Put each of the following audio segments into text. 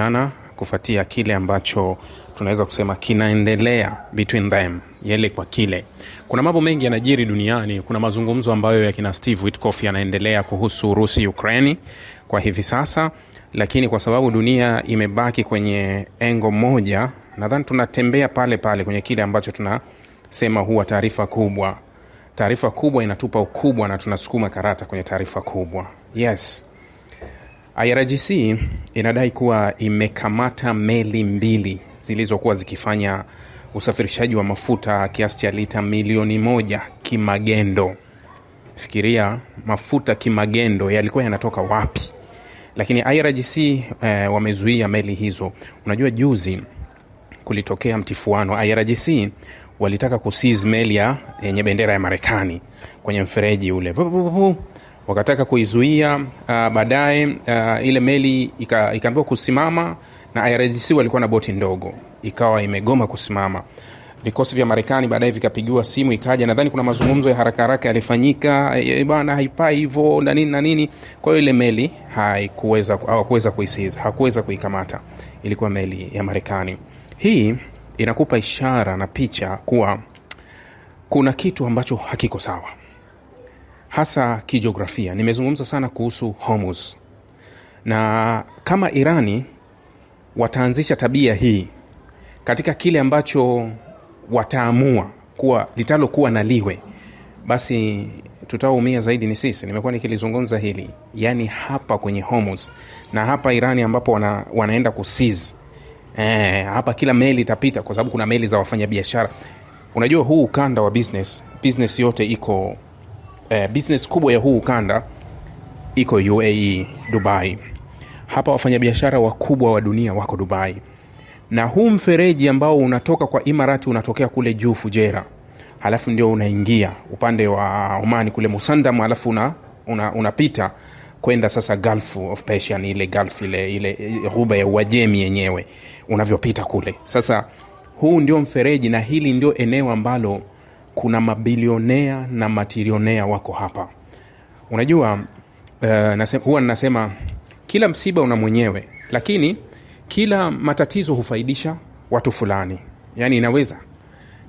sana kufuatia kile ambacho tunaweza kusema kinaendelea between them, yele kwa kile. Kuna mambo mengi yanajiri duniani. Kuna mazungumzo ambayo ya kina Steve Witkoff yanaendelea kuhusu Urusi Ukraini kwa hivi sasa, lakini kwa sababu dunia imebaki kwenye engo moja, nadhani tunatembea pale pale kwenye kile ambacho tunasema huwa taarifa kubwa. Taarifa kubwa inatupa ukubwa na tunasukuma karata kwenye taarifa kubwa. Yes, IRGC inadai kuwa imekamata meli mbili zilizokuwa zikifanya usafirishaji wa mafuta kiasi cha lita milioni moja kimagendo. Fikiria, mafuta kimagendo yalikuwa yanatoka wapi? Lakini IRGC eh, wamezuia meli hizo. Unajua, juzi kulitokea mtifuano. IRGC walitaka kusiz meli yenye bendera ya Marekani kwenye mfereji ule vuvuvu wakataka kuizuia uh, baadaye uh, ile meli ikaambiwa kusimama, na IRGC walikuwa na boti ndogo ikawa imegoma kusimama. Vikosi vya Marekani baadaye vikapigiwa simu, ikaja. Nadhani kuna mazungumzo ya haraka haraka yalifanyika, eh, eh, bana, haipaa hivyo na nini na nini. Kwa hiyo ile meli haikuweza, kuisiza, hakuweza kuikamata, ilikuwa meli ya Marekani. Hii inakupa ishara na picha kuwa kuna kitu ambacho hakiko sawa hasa kijiografia. Nimezungumza sana kuhusu Hormuz, na kama Irani wataanzisha tabia hii katika kile ambacho wataamua kuwa litalokuwa na liwe, basi tutaumia zaidi ni sisi. Nimekuwa nikilizungumza hili, yaani hapa kwenye Hormuz na hapa Irani ambapo wana, wanaenda kusiz eh, hapa kila meli itapita, kwa sababu kuna meli za wafanyabiashara. Unajua huu ukanda wa business, business yote iko eh, business kubwa ya huu ukanda iko UAE Dubai. Hapa wafanyabiashara wakubwa wa dunia wako Dubai, na huu mfereji ambao unatoka kwa Imarati unatokea kule juu Fujera, halafu ndio unaingia upande wa Omani kule Musandam, halafu una, una, unapita kwenda sasa Gulf of Persian, ile Gulf ile ile eh, ghuba ya Uajemi yenyewe unavyopita kule. Sasa huu ndio mfereji na hili ndio eneo ambalo kuna mabilionea na matilionea wako hapa unajua uh, nasema, huwa ninasema kila msiba una mwenyewe lakini kila matatizo hufaidisha watu fulani yaani inaweza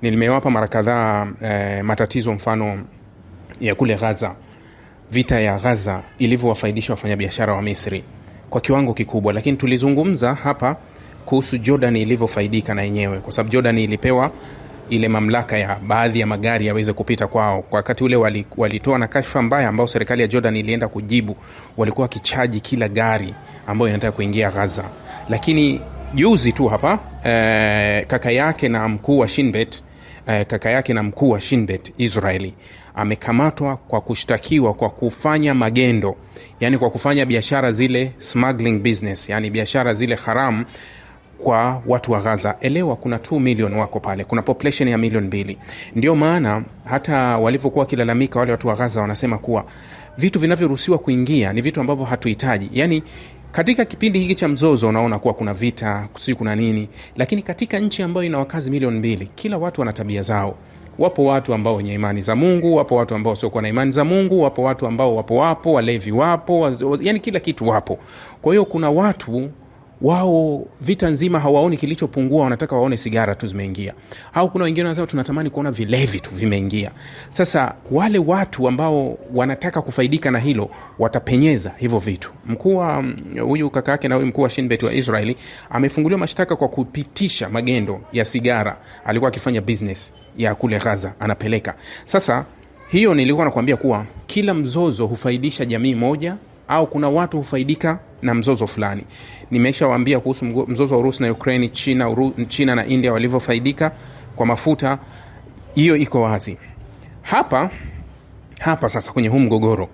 nimewapa mara kadhaa eh, matatizo mfano ya kule ghaza vita ya ghaza ilivyowafaidisha wafanyabiashara wa misri kwa kiwango kikubwa lakini tulizungumza hapa kuhusu jordan ilivyofaidika na yenyewe kwa sababu jordan ilipewa ile mamlaka ya baadhi ya magari yaweze kupita kwao. Kwa wakati ule walitoa wali na kashfa mbaya ambao serikali ya Jordan ilienda kujibu, walikuwa wakichaji kila gari ambayo inataka kuingia ghaza Lakini juzi tu hapa eh, kaka yake na mkuu wa Shinbet eh, kaka yake na mkuu wa Shinbet Israeli amekamatwa kwa kushtakiwa kwa kufanya magendo, yani kwa kufanya biashara zile smuggling business, yani biashara zile haramu kwa watu wa Gaza. Elewa kuna t milion wako pale, kuna population ya milion mbili. Ndio maana hata walivyokuwa wakilalamika wale watu wa Gaza wanasema kuwa vitu vinavyoruhusiwa kuingia ni vitu ambavyo hatuhitaji. yani katika kipindi hiki cha mzozo unaona kuwa kuna vita, sijui kuna nini, lakini katika nchi ambayo ina wakazi milioni mbili, kila watu wana tabia zao. Wapo watu ambao wenye imani za Mungu, wapo watu ambao wasiokuwa na imani za Mungu, wapo watu ambao wapo wapo, walevi wapo, yani kila kitu wapo. Kwa hiyo kuna watu wao vita nzima hawaoni kilichopungua, wanataka waone sigara tu zimeingia, au kuna wengine wanasema tunatamani kuona vilevi tu vimeingia. Sasa wale watu ambao wanataka kufaidika na hilo watapenyeza hivyo vitu. Mkuu wa huyu kaka yake na huyu mkuu wa Shinbet wa Israeli amefunguliwa mashtaka kwa kupitisha magendo ya sigara, alikuwa akifanya business ya kule Gaza anapeleka. Sasa hiyo nilikuwa nakuambia kuwa kila mzozo hufaidisha jamii moja au kuna watu hufaidika na mzozo fulani. Nimeshawaambia kuhusu mzozo wa Urusi na Ukraini, China, China na India walivyofaidika kwa mafuta, hiyo iko wazi. Hapa hapa sasa kwenye huu mgogoro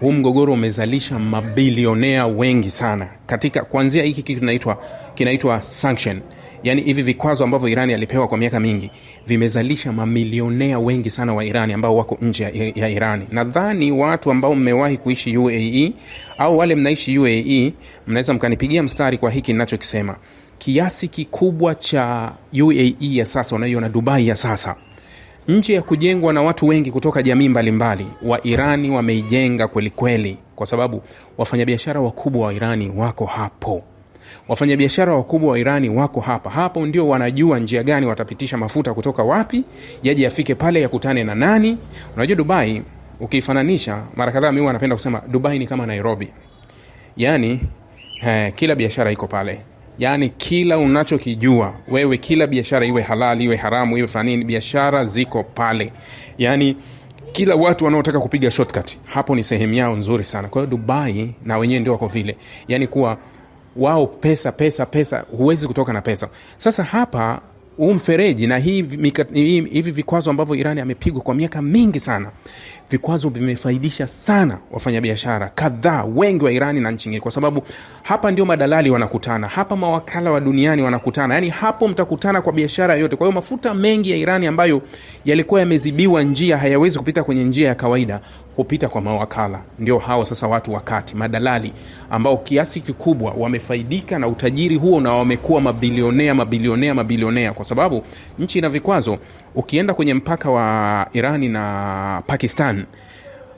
huu mgogoro umezalisha mabilionea wengi sana katika kuanzia hiki kitu kinaitwa kinaitwa sanction yani hivi vikwazo ambavyo iran alipewa kwa miaka mingi vimezalisha mamilionea wengi sana wa iran ambao wako nje ya iran Nadhani watu ambao mmewahi kuishi UAE au wale mnaishi UAE mnaweza mkanipigia mstari kwa hiki ninachokisema. Kiasi kikubwa cha UAE ya sasa unaiona Dubai ya sasa nje ya kujengwa na watu wengi kutoka jamii mbalimbali mbali. Wa Irani wameijenga kwelikweli, kwa sababu wafanyabiashara wakubwa wa Irani wako hapo. Wafanyabiashara wakubwa wa Irani wako hapa, hapo ndio wanajua njia gani watapitisha mafuta kutoka wapi yaje yafike pale, yakutane na nani. Unajua Dubai ukiifananisha, mara kadhaa mi wanapenda kusema Dubai ni kama Nairobi, yani eh, kila biashara iko pale yaani kila unachokijua wewe, kila biashara iwe halali iwe haramu iwe fanini, biashara ziko pale. Yaani kila watu wanaotaka kupiga shortcut hapo ni sehemu yao nzuri sana. Kwa hiyo Dubai na wenyewe ndio wako vile, yaani kuwa wao pesa pesa pesa, huwezi kutoka na pesa. Sasa hapa huu mfereji na hivi vikwazo ambavyo Irani amepigwa kwa miaka mingi sana vikwazo vimefaidisha sana wafanyabiashara kadhaa wengi wa Irani na nchi nyingine, kwa sababu hapa ndio madalali wanakutana, hapa mawakala wa duniani wanakutana, yani hapo mtakutana kwa biashara yote. Kwa hiyo mafuta mengi ya Irani ambayo yalikuwa yamezibiwa njia, hayawezi kupita kwenye njia ya kawaida, hupita kwa mawakala. Ndio hao sasa watu wakati madalali ambao kiasi kikubwa wamefaidika na utajiri huo na wamekuwa mabilionea mabilionea mabilionea, kwa sababu nchi ina vikwazo. Ukienda kwenye mpaka wa Irani na Pakistan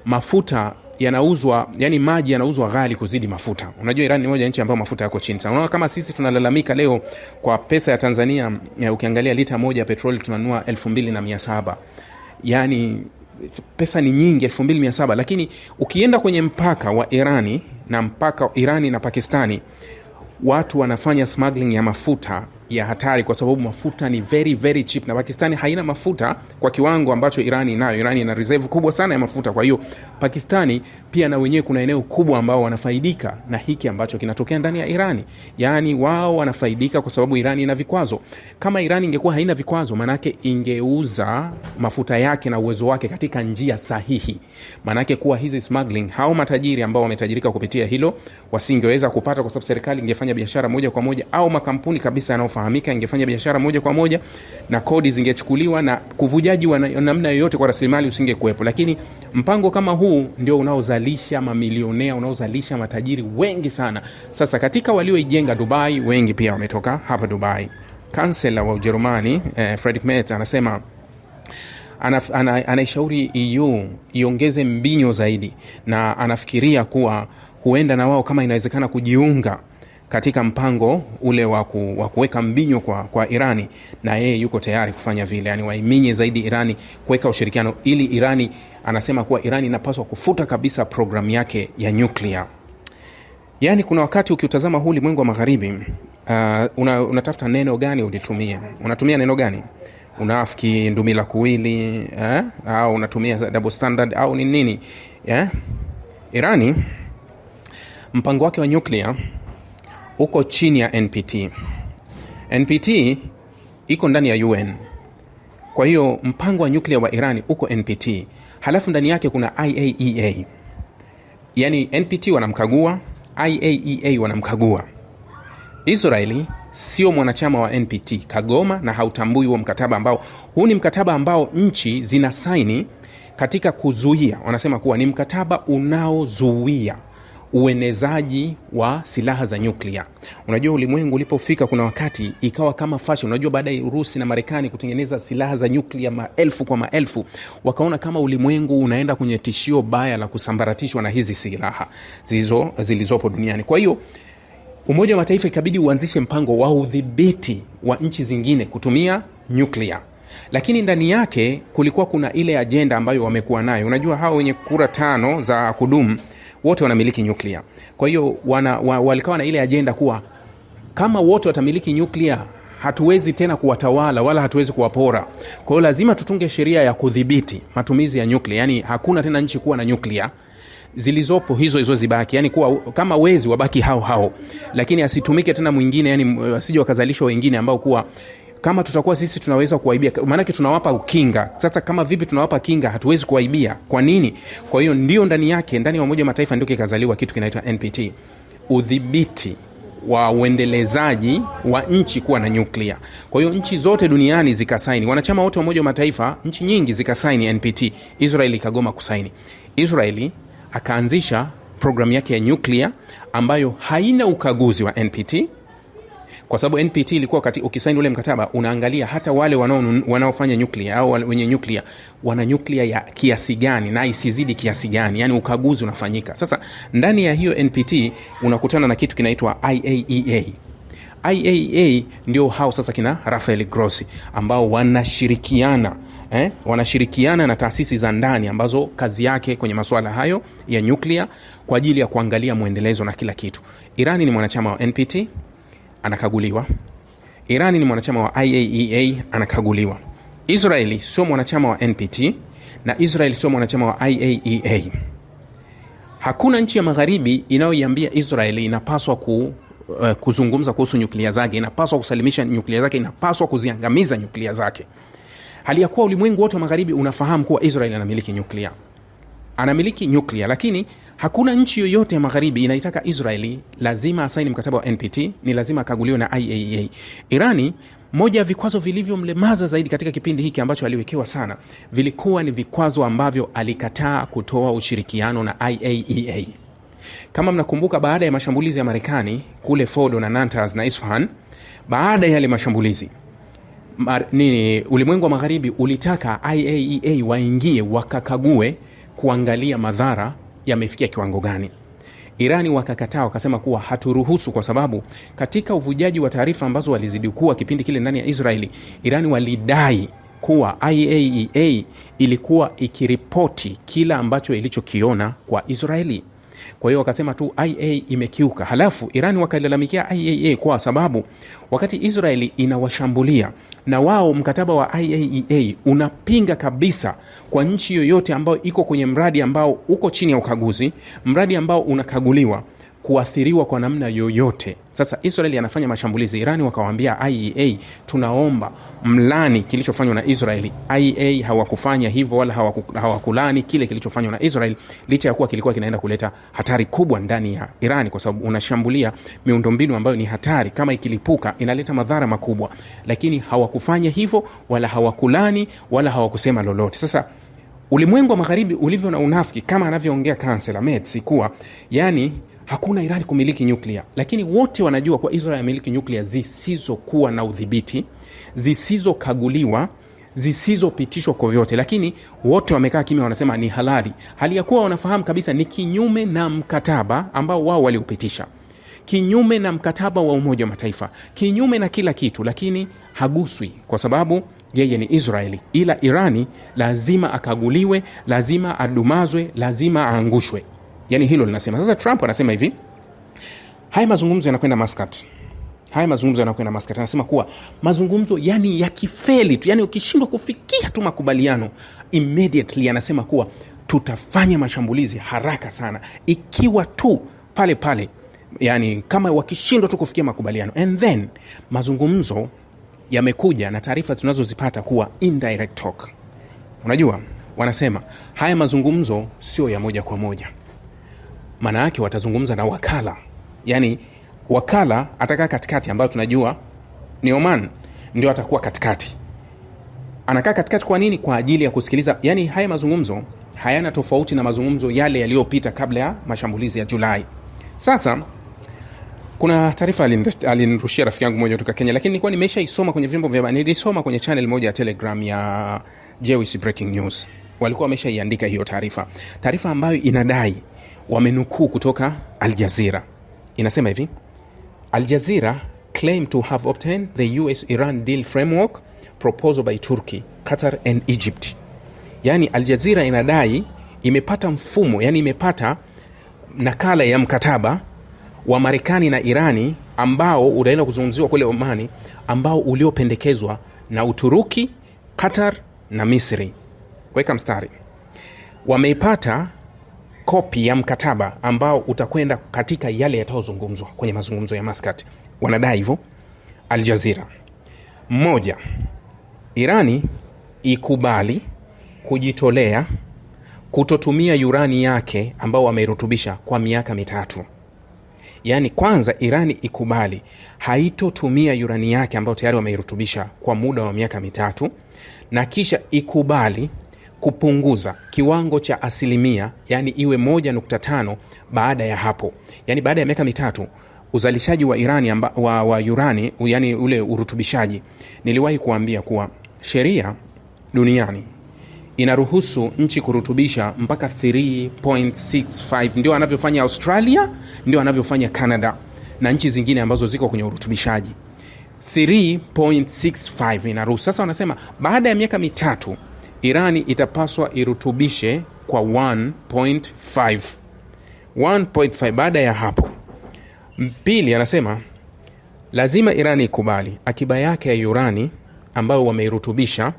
mafuta yanauzwa yani, maji yanauzwa ghali kuzidi mafuta. Unajua, Iran ni moja nchi ambayo mafuta yako chini sana. Unaona kama sisi tunalalamika leo kwa pesa ya Tanzania ya, ukiangalia lita moja ya petroli tunanua 27 yani pesa ni nyingi, elfu lakini ukienda kwenye mpaka wa Irani na mpaka Irani na Pakistani watu wanafanya smuggling ya mafuta ya hatari, kwa sababu mafuta ni very very cheap, na Pakistani haina mafuta kwa kiwango ambacho iran inayo. iran ina reserve kubwa sana ya mafuta, kwa hiyo Pakistani pia na wenyewe kuna eneo kubwa ambao wanafaidika na hiki ambacho kinatokea ndani ya Irani. Yaani wao wanafaidika kwa sababu Irani ina vikwazo. Kama Irani ingekuwa haina vikwazo, maanake ingeuza mafuta yake na uwezo wake katika njia sahihi, maanake kuwa hizi smuggling, hao matajiri ambao wametajirika kupitia hilo wasingeweza kupata, kwa sababu serikali ingefanya biashara moja kwa moja au makampuni kabisa yanayofa ingefahamika, ingefanya biashara moja kwa moja na kodi zingechukuliwa na kuvujaji wa namna yoyote kwa rasilimali usingekuwepo. Lakini mpango kama huu ndio unaozalisha mamilionea, unaozalisha matajiri wengi sana. Sasa katika walioijenga Dubai, wengi pia wametoka hapa Dubai. Kansela wa Ujerumani eh, fredrik Merz anasema anaishauri ana, ana EU iongeze mbinyo zaidi, na anafikiria kuwa huenda na wao kama inawezekana kujiunga katika mpango ule wa kuweka mbinyo kwa, kwa Irani na yeye yuko tayari kufanya vile, yani waiminye zaidi Irani kuweka ushirikiano ili Irani, anasema kuwa Irani inapaswa kufuta kabisa programu yake ya nyuklia. Yani kuna wakati ukiutazama huu ulimwengu wa magharibi uh, una, neno gani ulitumie, unatumia neno gani unafiki, ndumila kuwili eh? au unatumia double standard au ni nini eh? Irani mpango wake wa nyuklia uko chini ya NPT. NPT iko ndani ya UN. Kwa hiyo mpango wa nyuklia wa Iran uko NPT, halafu ndani yake kuna IAEA. E yaani NPT wanamkagua, IAEA e wanamkagua. Israeli sio mwanachama wa NPT kagoma, na hautambui huo mkataba, ambao huu ni mkataba ambao nchi zina saini katika kuzuia, wanasema kuwa ni mkataba unaozuia uenezaji wa silaha za nyuklia. Unajua, ulimwengu ulipofika, kuna wakati ikawa kama fashion. Unajua, baada ya Urusi na Marekani kutengeneza silaha za nyuklia maelfu kwa maelfu, wakaona kama ulimwengu unaenda kwenye tishio baya la kusambaratishwa na hizi silaha zilizo zilizopo duniani. Kwa hiyo Umoja wa Mataifa ikabidi uanzishe mpango wa udhibiti wa nchi zingine kutumia nyuklia lakini ndani yake kulikuwa kuna ile ajenda ambayo wamekuwa nayo. Unajua, hawa wenye kura tano za kudumu wote wanamiliki nyuklia. Kwa hiyo wana, wa, walikawa na ile ajenda kuwa kama wote watamiliki nyuklia hatuwezi tena kuwatawala wala hatuwezi kuwapora. Kwa hiyo lazima tutunge sheria ya kudhibiti matumizi ya nyuklia, yaani hakuna tena nchi kuwa na nyuklia zilizopo hizo hizo zibaki, yani kuwa kama wezi wabaki hao hao, lakini asitumike tena mwingine, yani eh, asije wakazalishwa wengine ambao kuwa kama tutakuwa sisi tunaweza kuwaibia, maanake tunawapa ukinga. Sasa kama vipi tunawapa kinga? Hatuwezi kuwaibia. Kwa nini? Kwa hiyo ndio ndani yake, ndani ya Umoja Mataifa ndio kikazaliwa kitu kinaitwa NPT, udhibiti wa uendelezaji wa nchi kuwa na nyuklia. Kwa hiyo nchi zote duniani zikasaini, wanachama wote wa Umoja wa Mataifa, nchi nyingi zikasaini NPT. Israeli ikagoma kusaini. Israeli akaanzisha programu yake ya nyuklia ambayo haina ukaguzi wa NPT kwa sababu NPT ilikuwa wakati ukisaini ule mkataba unaangalia hata wale wanaofanya nyuklia au wenye nyuklia wana nyuklia ya kiasi gani na isizidi kiasi gani, yani ukaguzi unafanyika. Sasa ndani ya hiyo NPT unakutana na kitu kinaitwa IAEA. IAEA e ndio hao sasa kina Rafael Grossi ambao wanashirikiana eh, wanashirikiana na taasisi za ndani ambazo kazi yake kwenye masuala hayo ya nyuklia kwa ajili ya kuangalia mwendelezo na kila kitu. Irani ni mwanachama wa NPT anakaguliwa. Irani ni mwanachama wa IAEA e anakaguliwa. Israeli sio mwanachama wa NPT na Israeli sio mwanachama wa IAEA. E Hakuna nchi ya magharibi inayoiambia Israeli inapaswa ku, uh, kuzungumza kuhusu nyuklia zake, inapaswa kusalimisha nyuklia zake, inapaswa kuziangamiza nyuklia zake, hali ya kuwa ulimwengu wote wa magharibi unafahamu kuwa Israeli anamiliki nyuklia, anamiliki nyuklia, lakini Hakuna nchi yoyote ya magharibi inaitaka Israeli lazima asaini mkataba wa NPT, ni lazima akaguliwe na IAEA. E Irani, moja ya vikwazo vilivyomlemaza zaidi katika kipindi hiki ambacho aliwekewa sana, vilikuwa ni vikwazo ambavyo alikataa kutoa ushirikiano na IAEA. E Kama mnakumbuka, baada ya mashambulizi ya Marekani kule fodo na nantas na Isfahan, baada ya yale mashambulizi Mar, nini, ulimwengu wa magharibi ulitaka IAEA e waingie wakakague kuangalia madhara yamefikia kiwango gani? Irani wakakataa wakasema kuwa haturuhusu, kwa sababu katika uvujaji wa taarifa ambazo walizidikua kipindi kile ndani ya Israeli, Irani walidai kuwa IAEA e ilikuwa ikiripoti kila ambacho ilichokiona kwa Israeli. Kwa hiyo wakasema tu IA imekiuka. Halafu Irani wakalalamikia IAEA kwa sababu wakati Israeli inawashambulia na wao, mkataba wa IAEA e unapinga kabisa kwa nchi yoyote ambayo iko kwenye mradi ambao uko chini ya ukaguzi, mradi ambao unakaguliwa kuathiriwa kwa namna yoyote sasa Israel anafanya mashambulizi Irani, wakawaambia IEA, tunaomba mlani kilichofanywa na Israeli. IEA hawakufanya hivyo wala hawakulani kile kilichofanywa na Israeli, licha ya kuwa kilikuwa kinaenda kuleta hatari kubwa ndani ya Irani, kwa sababu unashambulia miundombinu ambayo ni hatari, kama ikilipuka inaleta madhara makubwa, lakini hawakufanya hivyo wala hawakulani wala hawakusema lolote. Sasa ulimwengu wa magharibi ulivyo na unafiki, kama anavyoongea kansela Merz kuwa yani hakuna Iran kumiliki nyuklia, lakini wote wanajua kuwa Israel amiliki nyuklia zisizokuwa na udhibiti, zisizokaguliwa, zisizopitishwa kwa vyote, lakini wote wamekaa kimya, wanasema ni halali, hali ya kuwa wanafahamu kabisa ni kinyume na mkataba ambao wao waliupitisha, kinyume na mkataba wa Umoja wa Mataifa, kinyume na kila kitu, lakini haguswi kwa sababu yeye ni Israeli, ila Irani lazima akaguliwe, lazima adumazwe, lazima aangushwe yani hilo linasema. Sasa Trump anasema hivi, haya mazungumzo yanakwenda maskat haya mazungumzo yanakwenda maskat Anasema kuwa mazungumzo yani yakifeli tu, yani ukishindwa kufikia tu makubaliano immediately, anasema kuwa tutafanya mashambulizi haraka sana, ikiwa tu pale pale, yani kama wakishindwa tu kufikia makubaliano. And then mazungumzo yamekuja na taarifa tunazozipata kuwa indirect talk. Unajua, wanasema haya mazungumzo sio ya moja kwa moja maana yake watazungumza na wakala, yani wakala atakaa katikati, ambayo tunajua ni Oman ndio atakuwa katikati. Anakaa katikati kwa nini? Kwa ajili ya kusikiliza. Yani haya mazungumzo hayana tofauti na mazungumzo yale yaliyopita kabla ya mashambulizi ya Julai. Sasa kuna taarifa alinrushia rafiki yangu moja kutoka Kenya, lakini nilikuwa nimeshaisoma kwenye vyombo vya nilisoma kwenye chanel moja ya Telegram ya Jewish Breaking News, walikuwa wameshaiandika hiyo taarifa, taarifa ambayo inadai wamenukuu kutoka aljazira inasema hivi: Al claim to have obtained the US Iran deal framework proposal by Turkey, Qatar and Egypt. Yani aljazira inadai imepata mfumo, yani imepata nakala ya mkataba wa Marekani na Irani ambao unaenda kuzungumziwa kule Omani, ambao uliopendekezwa na Uturuki, Qatar na Misri. Weka mstari, wameipata kopi ya mkataba ambao utakwenda katika yale yatayozungumzwa kwenye mazungumzo ya Maskat. Wanadai hivyo Aljazira. moja Irani ikubali kujitolea kutotumia urani yake ambao wameirutubisha kwa miaka mitatu. Yaani, kwanza Irani ikubali haitotumia urani yake ambayo tayari wameirutubisha kwa muda wa miaka mitatu, na kisha ikubali kupunguza kiwango cha asilimia, yani iwe 1.5 baada ya hapo, yani baada ya miaka mitatu uzalishaji wa irani amba, wa, wa urani yani ule urutubishaji. Niliwahi kuambia kuwa sheria duniani inaruhusu nchi kurutubisha mpaka 3.65 ndio anavyofanya Australia, ndio anavyofanya Canada na nchi zingine ambazo ziko kwenye urutubishaji 3.65 inaruhusu. Sasa wanasema baada ya miaka mitatu Irani itapaswa irutubishe kwa 1.5 1.5 baada ya hapo. Pili, anasema lazima Irani ikubali akiba yake ya urani ambayo wameirutubisha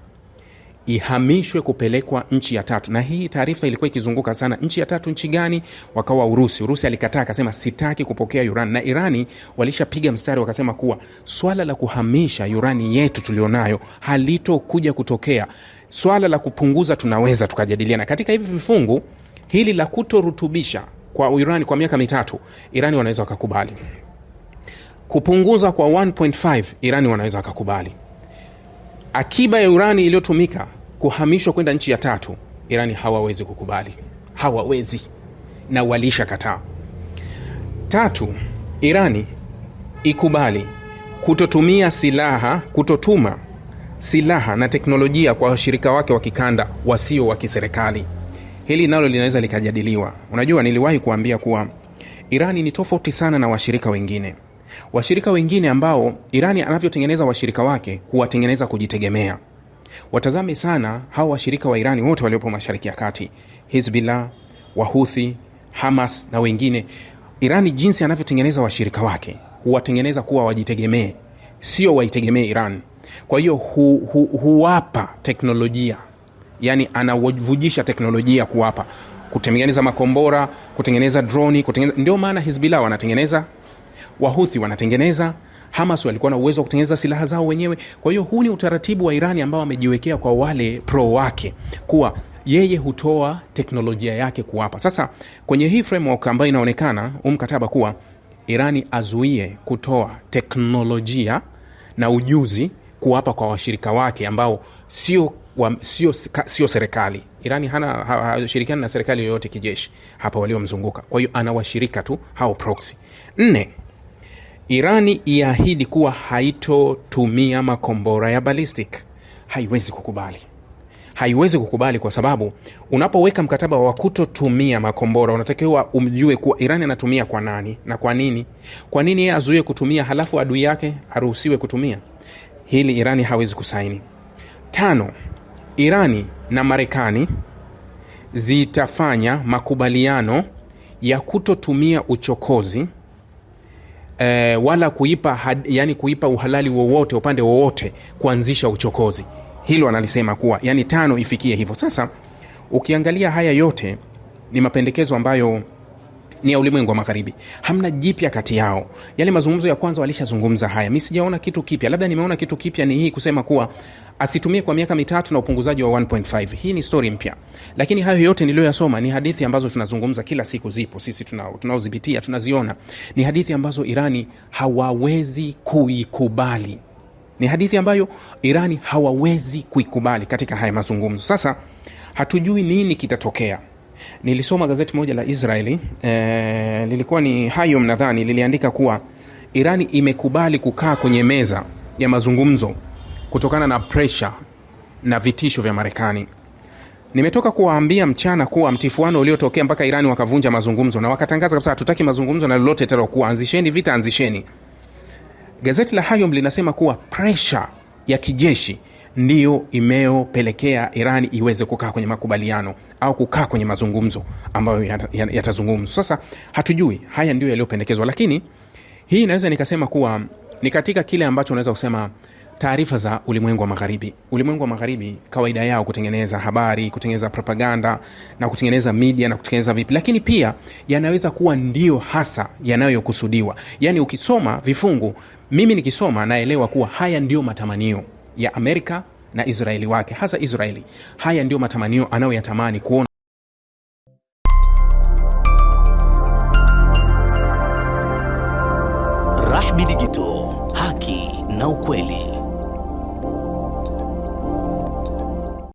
ihamishwe kupelekwa nchi ya tatu. Na hii taarifa ilikuwa ikizunguka sana, nchi ya tatu nchi gani? Wakawa Urusi. Urusi alikataa akasema, sitaki kupokea urani, na Irani walishapiga mstari wakasema kuwa swala la kuhamisha urani yetu tulionayo halitokuja kutokea swala la kupunguza tunaweza tukajadiliana katika hivi vifungu. Hili la kutorutubisha kwa irani kwa miaka mitatu, Irani wanaweza wakakubali kupunguza kwa 1.5, Irani wanaweza wakakubali akiba ya urani iliyotumika kuhamishwa kwenda nchi ya tatu, Irani hawawezi kukubali, hawawezi na walisha kataa. Tatu, Irani ikubali kutotumia silaha, kutotuma silaha na teknolojia kwa washirika wake wa kikanda wasio wa kiserikali. Hili nalo linaweza likajadiliwa. Unajua, niliwahi kuambia kuwa Irani ni tofauti sana na washirika wengine. Washirika wengine ambao Irani anavyotengeneza washirika wake huwatengeneza kujitegemea. Watazame sana hao washirika wa Irani wote waliopo Mashariki ya Kati, Hizbullah, Wahuthi, Hamas na wengine. Irani jinsi anavyotengeneza washirika wake huwatengeneza kuwa wajitegemee, sio waitegemee Irani. Kwa hiyo hu, hu, huwapa teknolojia, yani anavujisha teknolojia kuwapa kutengeneza makombora, kutengeneza droni, kutengeneza. Ndio maana Hizbillah wanatengeneza, Wahuthi wanatengeneza, Hamas walikuwa na uwezo wa kutengeneza silaha zao wenyewe. Kwa hiyo huu ni utaratibu wa Irani ambao wamejiwekea kwa wale pro wake, kuwa yeye hutoa teknolojia yake kuwapa. Sasa kwenye hii framework ambayo inaonekana huu mkataba kuwa Irani azuie kutoa teknolojia na ujuzi kuwapa kwa washirika wake ambao sio wa, sio, sio serikali. Irani hana hashirikiani na serikali yoyote kijeshi hapa waliomzunguka, kwa hiyo ana washirika tu hao proxy. Nne, Irani iahidi kuwa haitotumia makombora ya balistic Haiwezi kukubali, haiwezi kukubali kwa sababu unapoweka mkataba wa kutotumia makombora unatakiwa umjue kuwa iran anatumia kwa nani na kwa nini. Kwa nini yeye azuie kutumia halafu adui yake aruhusiwe kutumia? hili Irani hawezi kusaini. Tano, Irani na Marekani zitafanya makubaliano ya kutotumia uchokozi e, wala kuipa had, yani kuipa uhalali wowote upande wowote kuanzisha uchokozi. Hilo analisema kuwa yani tano ifikie hivyo. Sasa ukiangalia haya yote ni mapendekezo ambayo ni ya ulimwengu wa magharibi, hamna jipya kati yao. Yale mazungumzo ya kwanza walishazungumza haya, mi sijaona kitu kipya. Labda nimeona kitu kipya ni hii kusema kuwa asitumie kwa miaka mitatu na upunguzaji wa 1.5. Hii ni stori mpya, lakini hayo yote niliyoyasoma ni hadithi ambazo tunazungumza kila siku, zipo sisi tunaozipitia, tunaziona. Ni hadithi ambazo Irani hawawezi kuikubali, ni hadithi ambayo Irani hawawezi kuikubali katika haya mazungumzo. Sasa hatujui nini kitatokea. Nilisoma gazeti moja la Israeli e, lilikuwa ni Hayom nadhani, liliandika kuwa Irani imekubali kukaa kwenye meza ya mazungumzo kutokana na presha na vitisho vya Marekani. Nimetoka kuwaambia mchana kuwa mtifuano uliotokea mpaka Irani wakavunja mazungumzo na wakatangaza kabisa, hatutaki mazungumzo na lolote italokuwa, anzisheni vita, anzisheni. Gazeti la Hayom linasema kuwa presha ya kijeshi ndiyo imeopelekea Irani iweze kukaa kwenye makubaliano au kukaa kwenye mazungumzo ambayo yatazungumzwa. Sasa hatujui haya ndio yaliyopendekezwa, lakini hii inaweza nikasema kuwa ni katika kile ambacho unaweza kusema taarifa za ulimwengu wa magharibi. Ulimwengu wa magharibi kawaida yao kutengeneza habari, kutengeneza propaganda na kutengeneza media na kutengeneza vipi, lakini pia yanaweza kuwa ndio hasa yanayokusudiwa. Yaani ukisoma vifungu, mimi nikisoma naelewa kuwa haya ndio matamanio ya Amerika na Israeli wake, hasa Israeli. Haya ndiyo matamanio anayoyatamani kuona